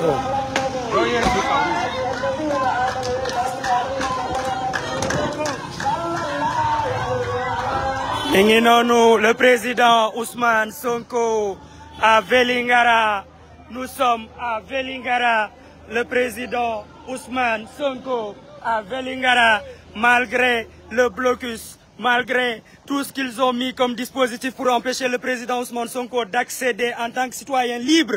mi ngi noonu le président Ousmane Sonko à Vélingara nous sommes à Vélingara le président Ousmane Sonko à Vélingara malgré le blocus malgré tout ce qu'ils ont mis comme dispositif pour empêcher le président Ousmane Sonko d'accéder en tant que citoyen libre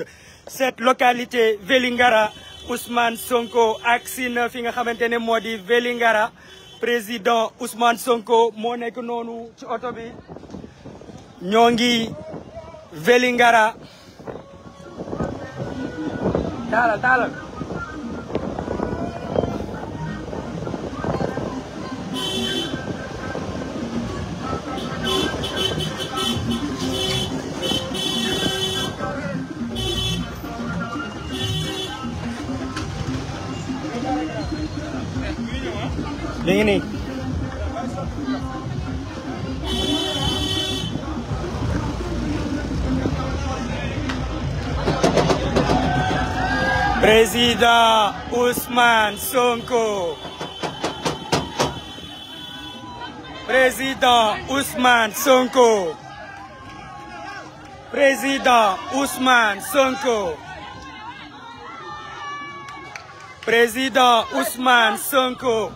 cette localité Vélingara Ousmane Sonko agsi na fi nga xamante ne moo di Vélingara président Ousmane Sonko moo nekk noonu ci oto bi ñoo ngi Vélingara taalal Président Ousmane Sonko. Président Ousmane Sonko. Président Ousmane Sonko. Président Ousmane Sonko.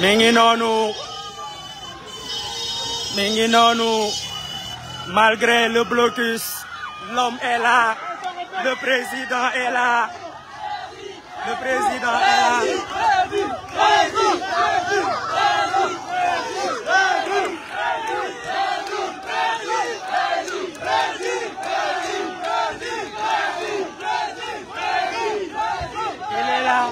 mi ngi noonu mi ngi noonu malgré le blocus l'homme est là le président est là le président est là. Il est là.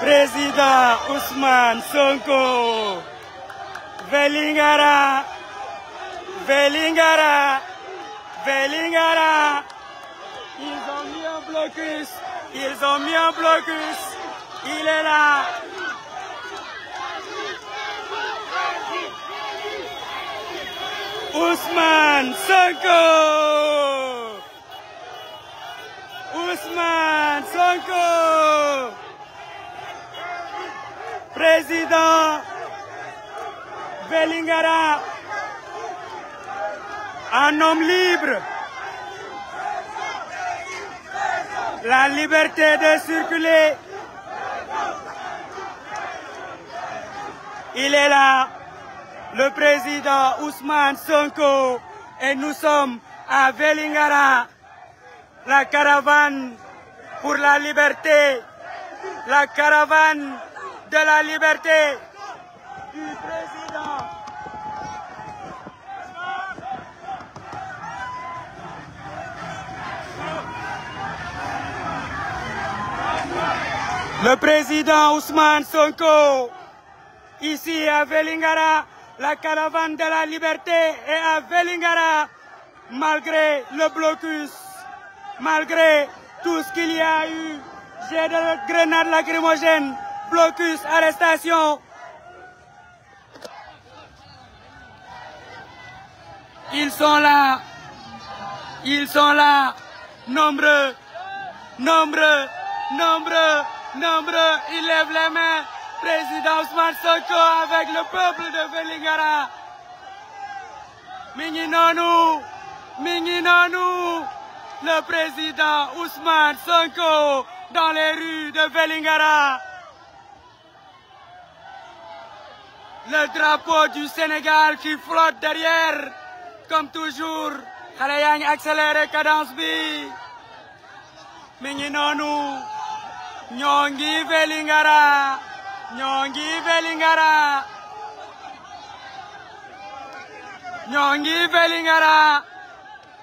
président Ousmane Sonko Vélingara Vélingara Vélingara ils ont mis un blocus ils ont mis un blocus il est là Ousmane Sonko président Vélingara un homme libre la liberté de circuler il est là le président Ousmane Sonko et nous sommes à Vélingara la caravane pour la liberté la caravane de Le président Ousmane Sonko, ici à Velingara, la caravane de la liberté est à Velingara, malgré le blocus, malgré tout ce qu'il y a eu, j'ai de grenade lacrymogène. blocus, arrestation. Ils sont là. Ils sont là. Nombreux. Nombreux. Nombreux. Nombreux. Ils les mains. Président Ousmane Sonko avec le peuple de Vélingara. Mingi noonu. Le président Ousmane Sonko dans les rues de Vélingara. le drapeau du Sénégal qui flotte derrière comme toujours xale accéléré cadence bi mi ngi noonu ñoo ngi Vélingara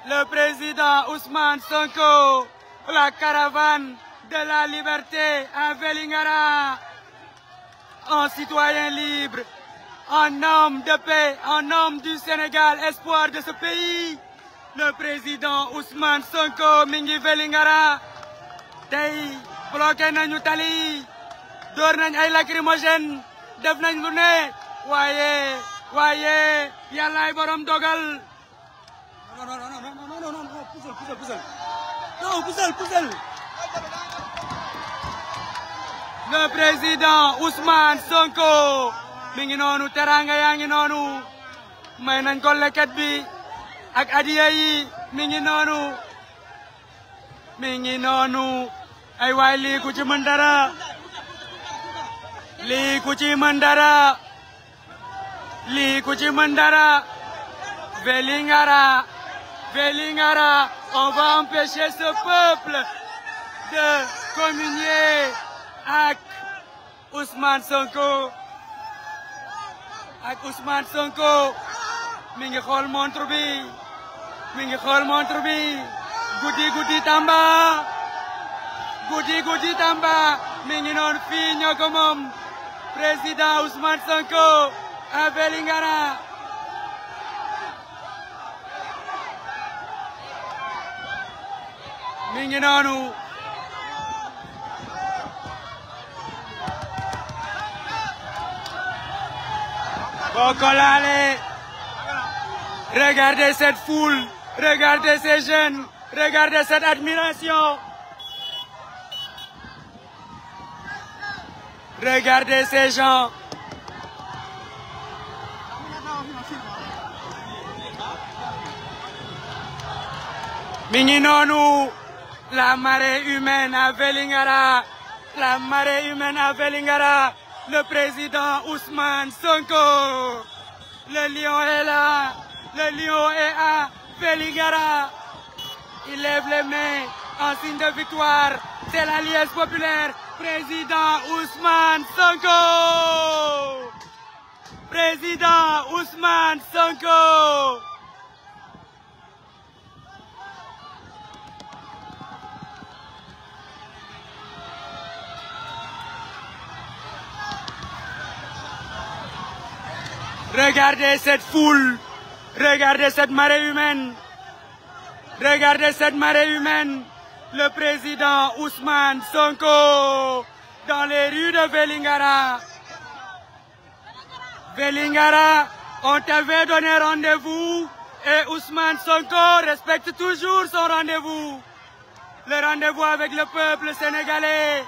le président Ousmane Sonko la caravane de la liberté à Vélingara un citoyen libre un homme de paix, un homme du Sénégal, espoir de ce pays, le président Ousmane Sonko mi ngi tey bloqué nañu tali door nañ ay lacrymogène def nañ lu ne waaye waaye yàllaay borom dogal. non non non non non non le président Ousmane Sonko. mi ngi noonu teraanga yaa ngi noonu may nañ ko leket bi ak adiya yi mi ngi noonu mi ngi noonu ay waay lii ku ci mën dara lii ku ci mën dara lii ku ci mën dara Vélingara Vélingara on va peuple de communier ak Ousmane Sonko ak Ousmane Sonko mi ngi xool montre bi mi ngi xool montre bi guddi guddi Tamba guddi guddi Tamba mi ngi noonu fii ñoo ko moom président Ousmane Sonko mi ngi noonu Pokolale Regardez cette foule, regardez ces jeunes, regardez cette admiration. Regardez ces gens. la marée humaine à Velingara, la marée humaine à Velingara. le président Ousmane Sonko. Le lion est là, le lion est à Vélingara. Il lève les mains en de victoire. C'est l'Alliance populaire, président Ousmane Sonko. Président Ousmane Sonko. Regardez cette foule. Regardez cette marée humaine. Regardez cette marée humaine. Le président Ousmane Sonko dans les rues de Vélingara. Vélingara, on t'avait donné rendez-vous et Ousmane Sonko respecte toujours son rendez-vous. Le rendez-vous avec le peuple sénégalais.